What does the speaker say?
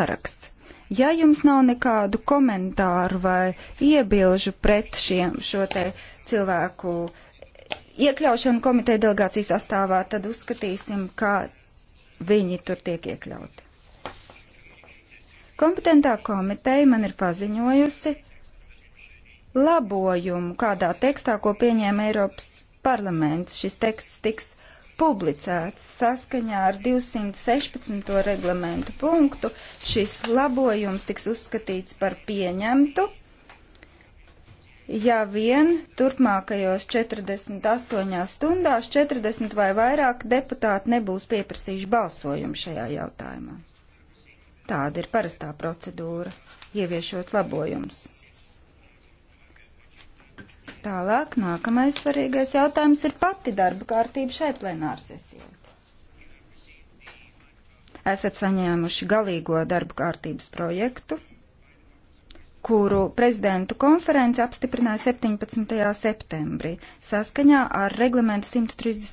saraksts. Ja jums nav nekādu komentāru vai iebilžu pret šiem, šo te cilvēku iekļaušanu komiteja delegācijas sastāvā, tad uzskatīsim, kā viņi tur tiek iekļauti. Kompetentā komiteja man ir paziņojusi labojumu kādā tekstā, ko pieņēma Eiropas parlaments. Šis teksts tiks publicēts saskaņā ar 216. reglamentu punktu. Šis labojums tiks uzskatīts par pieņemtu, ja vien turpmākajos 48 stundās 40 vai vairāk deputāti nebūs pieprasījuši balsojumu šajā jautājumā. Tāda ir parastā procedūra, ieviešot labojumus. Tālāk nākamais svarīgais jautājums ir pati darba kārtība šai plenāra sesijā. Esat saņēmuši galīgo darba kārtības projektu, kuru prezidentu konference apstiprināja 17. septembrī saskaņā ar reglamentu 130.